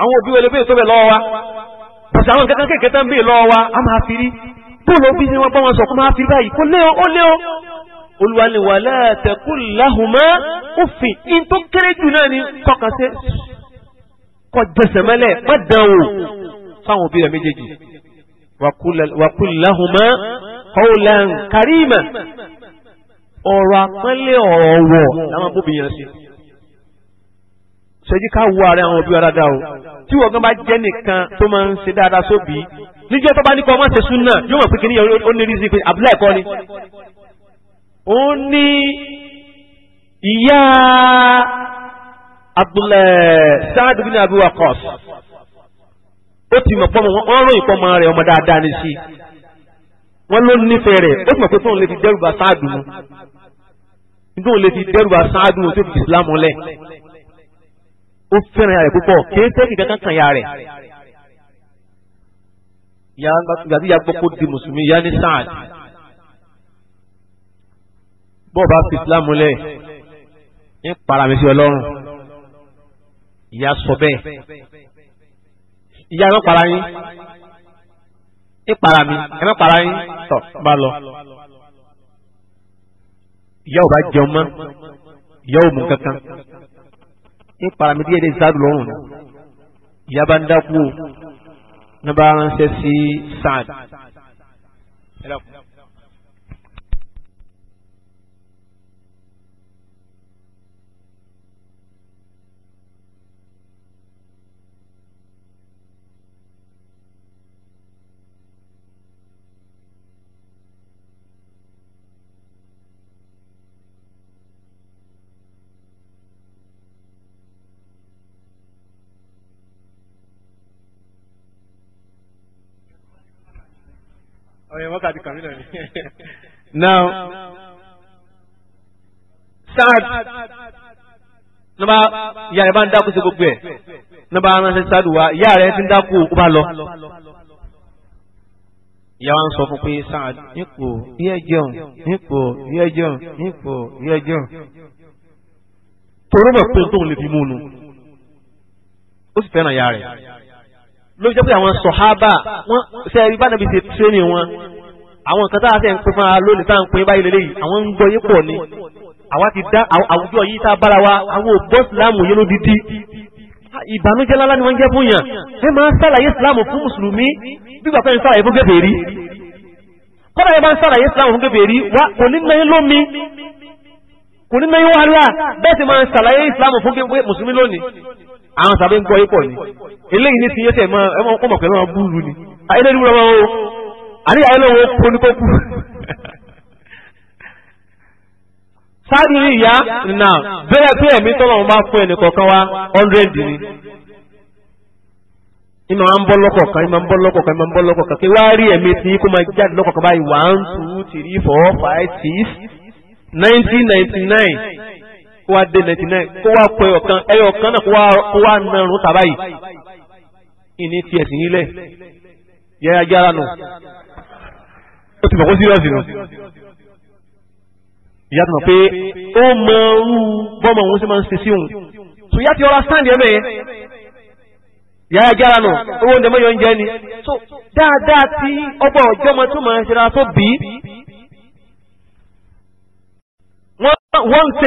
àwọn òbí wẹlẹ bẹ́ẹ̀ tó bẹ̀ lọ́wọ́ wa pàṣẹ àwọn kankan kékeré tán bẹ́ẹ̀ lọ́wọ́ wa a máa fi rí bóòlù òbí ni wọ́n bá wọn sọ kó máa fi báyìí kó lé o ó lé o olùwàlẹ̀wàlẹ̀ àtẹ̀kùn láhùnmọ́ òfin in tó kéré jù náà ni kọkàn sí kọ jẹsẹ̀ mẹ́lẹ̀ má dán o fáwọn òbí rẹ̀ méjèèjì wàkùn láhùnmọ́ kọ́ọ̀lẹ́ kárìmà ọ̀rọ̀ àpẹ́lẹ́ ọ̀wọ̀ làwọn bóbi yẹn sí ṣèjì ká wo ara àwọn òbí wa dáadáa o tí wọ́n gan bá jẹ́ nìkan tó máa ń ṣe dáadáa sóbì níjọ́ tó bá ní kọ́ ọmọ ṣe súnà yóò mọ̀ pé kí ni ó ní rízí pé àbúlá ẹ̀kọ́ ni. ó ní ìyá Abdullah Saad bin Abi Waqqas ó ti mọ̀ pọ́nmọ́ wọ́n ròyìn pọ́nmọ́ rẹ̀ ọmọ dáadáa ní sí wọ́n ló nífẹ̀ẹ́ rẹ̀ ó ti mọ̀ pé tóun lè fi dẹ́rù bá sáàdù mu tóun lè fi dẹ́rù bá sáàdù mu tó fi ìsìlámù lẹ̀ ó fẹ́ràn ìyá rẹ̀ púpọ̀ kìí sẹ́kì kankan kan ìyá rẹ̀. ìyá ìgbà tí ìyá gbọ́ kó di mùsùlùmí ìyá ní sáàd. bọ́ọ̀ fi islam lẹ̀ ń para ọlọ́run ìyá sọ bẹ́ẹ̀ ìyá ẹ̀ para yín ń para mi ẹ̀ para yín tọ̀ bá lọ. ìyá ò bá jẹun mọ́ ìyá ò mú kankan ní paramidi yẹn ní Saadu lọ́rùn ìyá bá ń dákú ní bá ránṣẹ́ sí Saad. ọ̀yẹ̀ wákàtí kan mílíọ̀nù. [laughs] now Saad nọba ìyá rẹ̀ bá ń dákú sí gbogbo ẹ̀ nọba aránṣẹ́ Saad wa ìyá rẹ̀ ti ń dákú ó bá lọ. ìyá ń sọ fún pé Saad nípò yẹ jẹun nípò yẹ jẹun nípò yẹ jẹun torí mọ̀ pé tóun lè fi mú un nù ó sì fẹ́ràn ìyá ló jẹ́ pé àwọn sọ̀hábà wọ́n ṣe ẹ̀rí bá nàbí ṣe ṣe ni wọn àwọn nǹkan tá a ṣe ń pín fún wa lónìí tá à ń pín báyìí lélẹ́yìí àwọn ń gbọ́ yé pọ̀ ni àwa ti dá àwùjọ yìí tá a bára wa àwọn òbọ̀ ìsìláàmù yẹn ló dídí ìbànújẹ́ lálá ni wọ́n jẹ́ fún yàn ẹ máa ń sàlàyé ìsìláàmù fún mùsùlùmí bígbà pé ń sàlàyé fún kèfèrí kọ́dà yẹn bá ń sàlàyé ìsìláàmù fún kèfèrí wa kò ní mẹ́yìn lómi kò ní mẹ́yìn wàhálà bẹ́ẹ̀ sì máa ń sàlàyé ìsìláàmù fún mùsùlùmí lónìí àwọn sàbẹ̀ ń gbọ́ yín pọ̀ ni eléyìí ní ti yé sẹ̀ mọ́ ẹ ni ayélujára wúlọ wọn o àníyàn ayélujára wọn kó ní ya [laughs] ìyá nà bẹ́ẹ̀ pé ẹ̀mí tọ́lọ̀ ń bá fún ẹnì kọ̀ọ̀kan wa hundred ni ìmọ̀ à ń bọ́ lọ́kọ̀ọ̀kan ìmọ̀ à ń bọ́ lọ́kọ̀ọ̀kan ìmọ̀ à ń bọ́ kí wàá rí ẹ̀mí máa jáde lọ́kọ̀ọ̀kan one two three four five six nineteen ninety nine. kó wá dé ninety nine kó wá pọ ẹyọkan ẹyọkan náà kó wá nàrún tàbá yìí ìní tiẹ̀ sí nílẹ̀ yẹ́ra jára nù ó ti mọ̀ kó síríọ̀sì nù ìyá tó mọ̀ pé ó mọ irú bọ́mọ̀ òun sì máa ń ṣe sí òun tó yá ti ọ̀rá sáǹdì ẹ̀mẹ̀ yàrá jára nù owó oúnjẹ mọ́ yọ oúnjẹ ni so dáadáa tí ọgbọ́n ọjọ́ ọmọ tó máa ń ṣe ra tó bí wọ́n ń ṣe.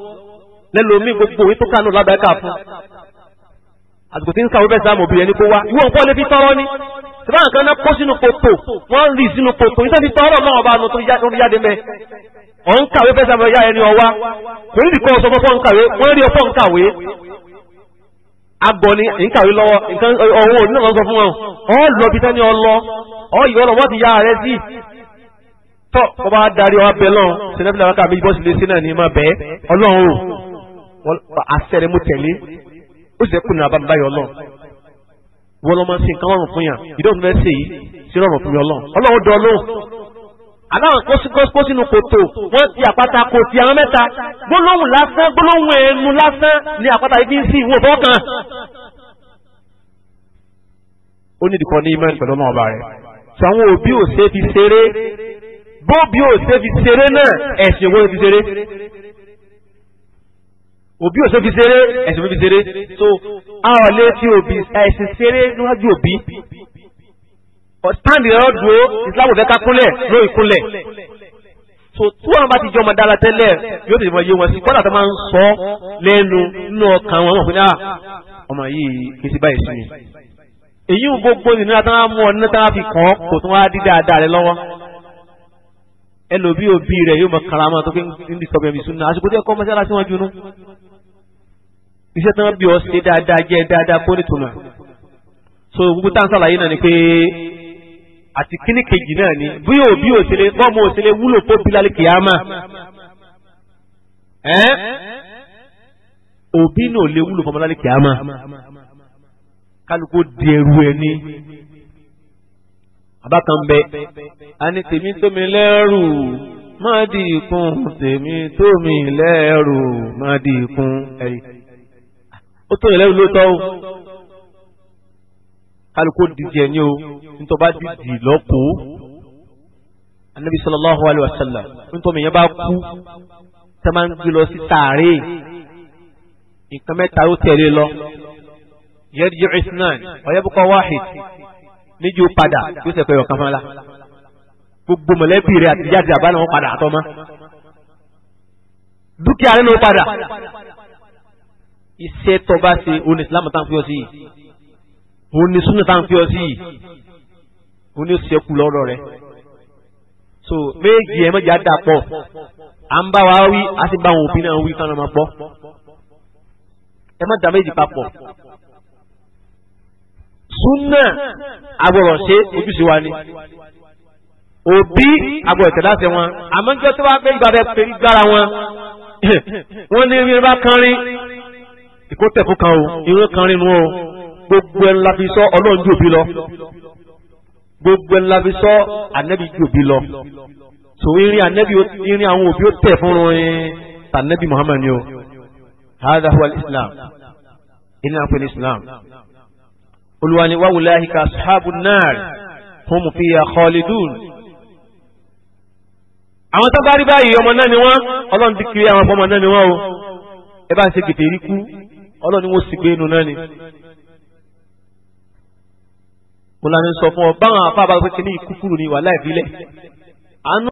lẹ́lòmíì gbogbo òwe tó kánú lábẹ́ká fún àsìkò tí ń sàwọ́ bẹ́ẹ̀ sáàmù obìnrin ni kó wá ìwọ nǹkan lè fi tọrọ ni tí báwọn kan náà kó sínú kòtò wọ́n rì sínú kòtò nítorí tọrọ náà ọba àánú tó ń jáde mẹ́ ọ̀ ń kàwé bẹ́ẹ̀ sáàmù ẹ̀yà ẹni ọwá kò ní ìdíkọ́ ọ̀sọ́ fọ́fọ́ ń kàwé wọ́n rí ọ̀fọ́ ń kàwé agbọ̀ni ń kàwé lọ́wọ́ nǹkan ọ̀hún òní náà sọ fún wọn ọ lọ bí tẹ́ni ọlọ ọ ìwọ lọ wọ́n ti yá rẹ sí tọ́ ọba darí ọ abẹ lọ́n sinẹ́fìlà wákàtí bọ́sì lé sí náà ní ma bẹ́ẹ̀ ọlọ́run wọn àṣẹ rẹ mo tẹ̀lé ó sì kùnà bàbá yọ lọ wọ́n lọ́mọ sí nǹkan rọrùn fún yàn ìdóhùn fún ẹsẹ̀ yìí sí rọrùn fún yàn lọ́n ọlọ́run dọ̀ lóhùn aláwọn kó sínú kòtò wọ́n ti àpáta kò ti àwọn mẹ́ta gbólóhùn lásán gbólóhùn ẹnu lásán ni àpáta yìí fi ń sí ìwò fọ́kàn ó ní ìdìkọ́ ní imán pẹ̀lú ọmọ ọba rẹ̀ tí àwọn òbí ò ṣe fi ṣeré bó òbí ò ṣe fi ṣeré náà ẹ̀sìn owó fi ṣeré òbí ò ṣe fi ṣeré ẹ̀sìn fi ṣeré so a ò lè fi òbí ẹ̀sìn ṣeré níwájú òbí ọ̀táǹdì rẹ̀ dúró ìsìláàmù fẹ́ ká kúnlẹ̀ ló ìkúnlẹ̀ so tí wọn bá ti jọ ọmọ dára tẹ́lẹ̀ yóò tètè mọ iye wọn sí kọ́nà tó máa ń sọ lẹ́nu nínú ọkàn wọn ọmọkùnrin náà ọmọ yìí kì í ti báyìí sí mi èyí ń gbogbo ìnira tí wọn mú ọ ní tí wọn fi kàn án kò tún wá dí dáadáa rẹ lọ́wọ́ ẹlòmí òbí rẹ yóò mọ karama tó fi ń disọ bẹ̀rẹ̀ sunu àsìkò tí ẹ kọ́ mọ́sálásí wọn junú iṣẹ́ tí wọ́n bí ọ ṣe dáadáa jẹ́ dáadáa kó nítumọ̀ so gbogbo tá à ń sàlàyé náà ni pé àti kíní kejì náà ni bí yóò bí òsèlè bọ́ọ̀mù òsèlè wúlò tó bí lálẹ́ kìámà ẹ́ òbí náà lè wúlò fọmọ lálẹ́ kìámà kálukú di ẹrú ẹ ní abákan bẹ àní tèmi tómi lẹ́rù má dì kún tèmi tómi lẹ́rù má dì kún ẹ̀rí ó tó yẹn lẹ́rù lóòótọ́ o kálukó dìdì ẹ̀ ní o nítorí bá dìdì lọ́pọ̀ anabi sallallahu alayhi wa sallam nítorí yẹn bá kú tẹ́ máa ń gbé lọ sí tààrí nǹkan mẹ́ta ó tẹ̀lé lọ yẹ́dìjú isnan ọ̀yẹ́bùkọ́ wáhid níjú padà yóò sẹ̀kọ́ ẹ̀yọ̀ kan fún la gbogbo mọ̀lẹ́bí rẹ̀ àtijọ́ àti àbálẹ̀ wọn padà àtọ́ mọ́ dúkìá rẹ̀ ló padà iṣẹ́ tó bá ṣe òun ní islam tá à ń fi ọ sí yìí òun tá ń fi ọ sí yìí ṣẹ́kù lọ́rọ̀ rẹ so méjì ẹ̀ mọ́jà dà pọ̀ à ń bá wa wí a sì bá àwọn òbí náà wí kánà máa gbọ́ ẹ má dà méjì papọ̀ sunna agbọ̀rọ̀ ṣe ojúṣe wa ni òbí agbọ̀rọ̀ tẹ̀lé àṣẹ wọn àmọ́ tó bá gbé ìgbà bẹ́ẹ̀ gbára wọn [coughs] wọ́n ní rí bá kan rí ìkótẹ̀kù kan o irun kan rinu o gbogbo ẹ̀ ńlá fi sọ ọlọ́run jù òbí lọ gbogbo ẹ̀ ńlá fi sọ ànẹ́bí jù òbí lọ so irin ànẹ́bí irin àwọn òbí ó tẹ̀ fún un tànẹ́bí Muhammad ni o hadha huwa islam ilé náà pé ní islam olùwà ni wàhùláhi ka ashabu náà hum fiya khalidun àwọn tó bá rí báyìí ọmọ náà ni wọ́n ọlọ́run ti kiri àwọn ọmọ náà ni wọ́n o ẹ bá ń ṣe gètè rí kú ọlọ́ni wọ́n sì gbé inú náà ni. mo lànà sọ fún ọ báwọn afábàgbé kìíní ìkúkúrú ni wà láìpínlẹ̀ àánú.